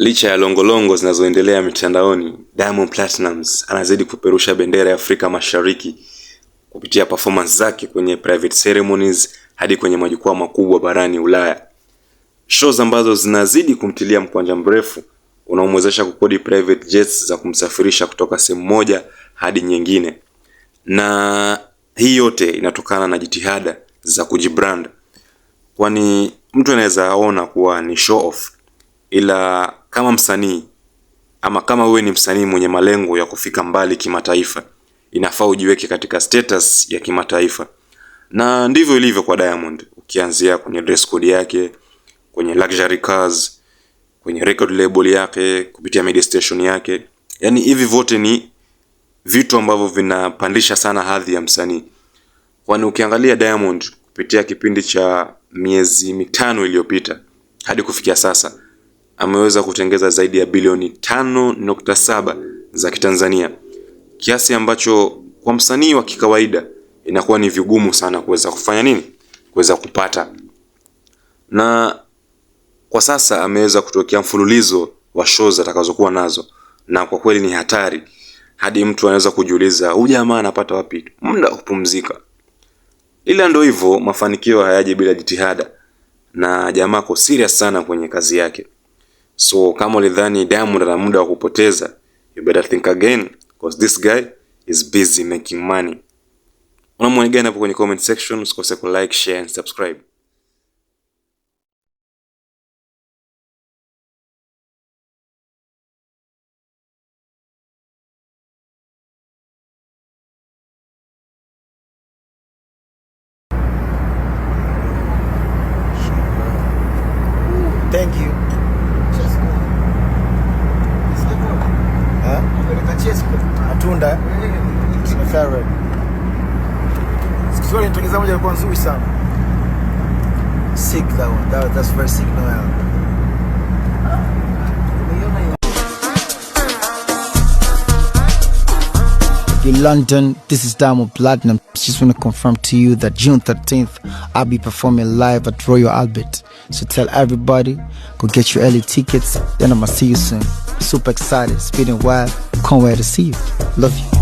Licha ya longolongo zinazoendelea mitandaoni, Diamond Platnumz anazidi kupeperusha bendera ya Afrika Mashariki kupitia performance zake kwenye private ceremonies hadi kwenye majukwaa makubwa barani Ulaya, shows ambazo zinazidi kumtilia mkwanja mrefu unaomwezesha kukodi private jets za kumsafirisha kutoka sehemu moja hadi nyingine, na hii yote inatokana na jitihada za kujibrand, kwani mtu anaweza ona kuwa ni show off ila kama msanii ama kama wewe ni msanii mwenye malengo ya kufika mbali kimataifa, inafaa ujiweke katika status ya kimataifa, na ndivyo ilivyo kwa Diamond, ukianzia kwenye dress code yake, kwenye luxury cars, kwenye record label yake, kupitia media station yake, yani hivi vyote ni vitu ambavyo vinapandisha sana hadhi ya msanii, kwani ukiangalia Diamond kupitia kipindi cha miezi mitano iliyopita hadi kufikia sasa ameweza kutengeza zaidi ya bilioni 5.7 za Kitanzania, kiasi ambacho kwa msanii wa kikawaida inakuwa ni vigumu sana kuweza kufanya nini, kuweza kupata. Na kwa sasa ameweza kutokea mfululizo wa shows atakazokuwa nazo, na kwa kweli ni hatari, hadi mtu anaweza kujiuliza huyu jamaa anapata wapi muda wa kupumzika. Ila ndio hivyo, mafanikio hayaji bila jitihada, na jamaa ko serious sana kwenye kazi yake. So kama ulidhani Diamond ana muda wa kupoteza, you better think again because this guy is busy making money. Unamwona gani hapo kwenye comment section? Usikose ku like, share and subscribe. matunda Ferrari. moja ilikuwa nzuri sana. Sick that one. That, that's very sick Noel. London, this is Diamond Platinum. Just want to confirm to you that June 13th, I'll be performing live at Royal Albert. So tell everybody, go get your early tickets, Then I'm gonna see you soon. Super excited. speeding wild, Can't wait to see you. Love you.